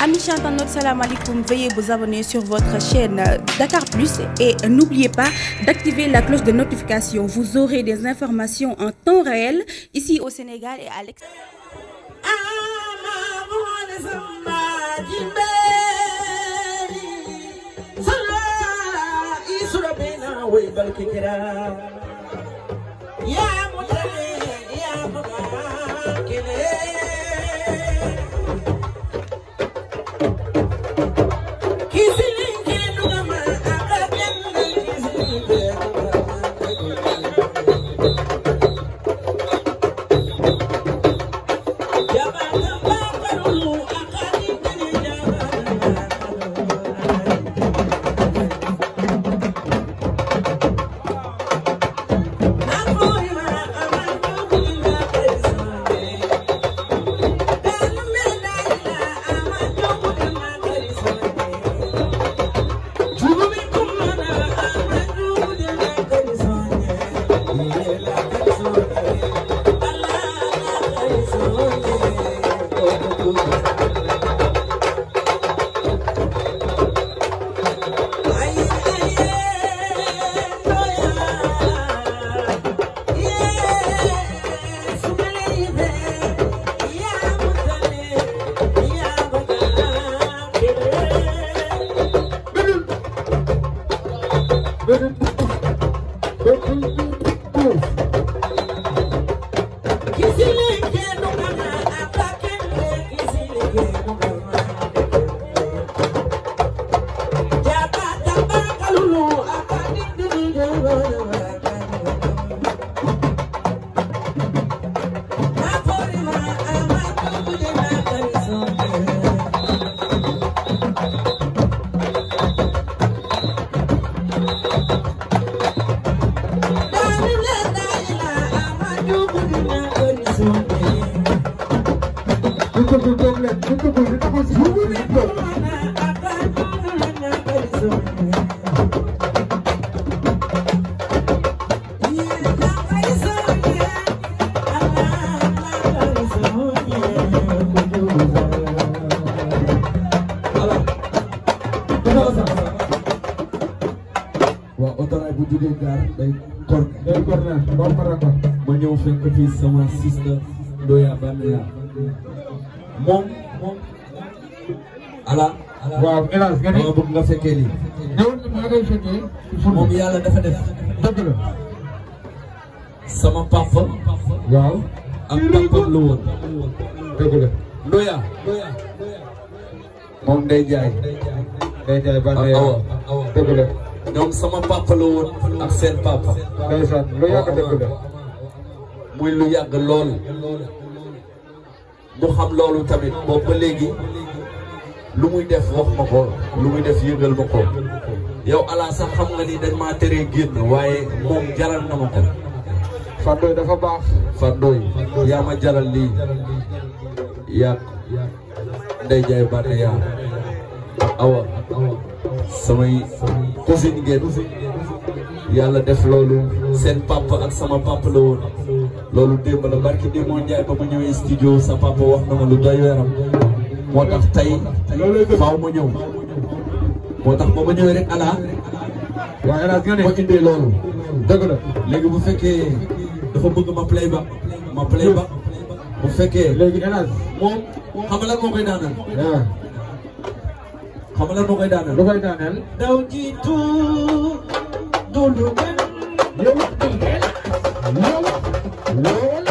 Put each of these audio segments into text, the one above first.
Amis internautes, salam alaikum. Veuillez vous abonner sur votre chaîne Dakar Plus et n'oubliez pas d'activer la cloche de notification. Vous aurez des informations en temps réel ici au Sénégal et à l'extérieur. ويبل كرام يا مولاي يا مبارك jógee gaar day kor day kor na kor ma raka ma ñëw fekk fii sama sista Ndoya Banaya moom moom ala waaw élage nga ni ma bëgg nga fekkee lii ñëw maa ngay fekkee moom yàlla dafa def dëgg la sama papa waaw ak papam la woon dëgg la Ndoya moom day jaay day jaay Banaya dëgg la ñoom sama papa ak seen papa. ndeysaan lu yàgg muy lu yàgg lool. mu xam loolu tamit boobu ba léegi lu muy def wax ko lu muy def yëngal ma ko. yow ala xam nga ni dañ maa teree génn waaye moom jaral na ma ko. Fandoy dafa baax. Fandoy yaa ma jaral lii yàgg Ndeye Ndiaye Bane yaa awa samay. usine ngeen yàlla def loolu seen papa ak sama papa la loolu démb la barki démb Ndiaye ba ma ñëwee studio sa papa wax na ma lu doy weeram moo tax tey ma ñëw moo tax ba ma ñëwee rek ala waaye nag nga ne ma indee loolu bu fekkee dafa bëgg ma play ba ma play ba bu fekkee léegi moom xam nga lan moo koy daanal ah. xam nga lan moo koy daaneel. lu koy daaneel. daw jiitu dundu ngeen. yow. yow.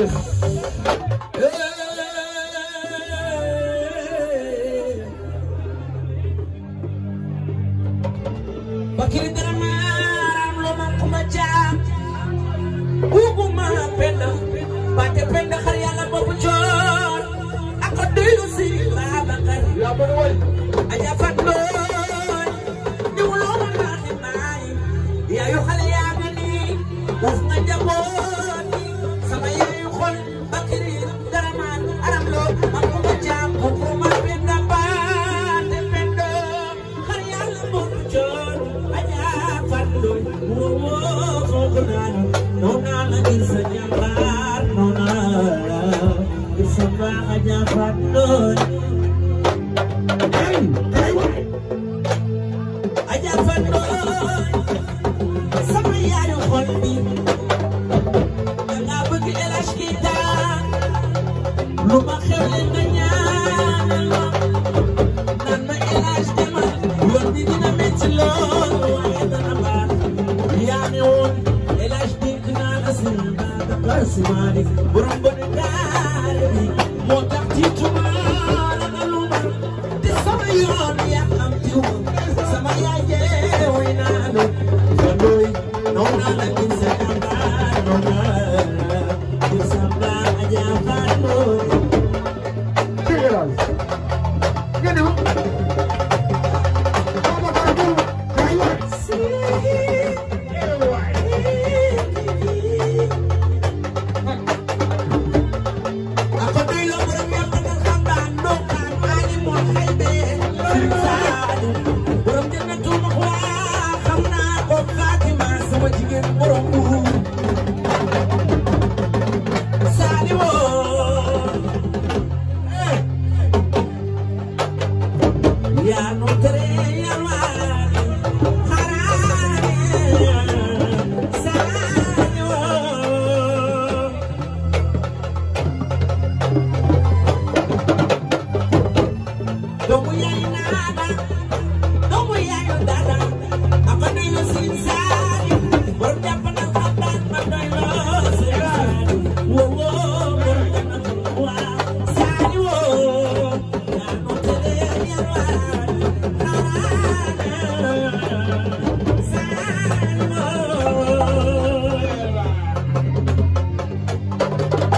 Diouf Jafar Ousmane borom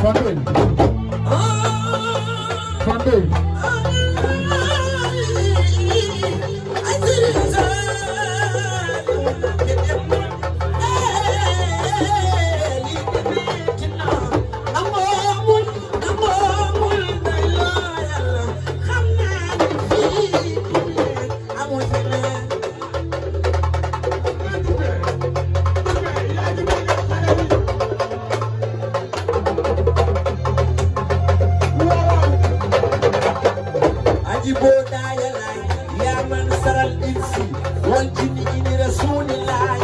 Tá batendo.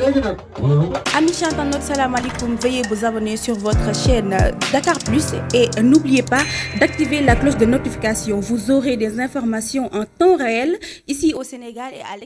léegi nag. amis chantanot salaamaaleykum veuillez vous abonner sur votre chaîne euh, Dakar Plus et euh, n'oubliez pas d'activer la cloche de notification vous aurez des informations en temps réel ici au Sénégal et à l'extérieur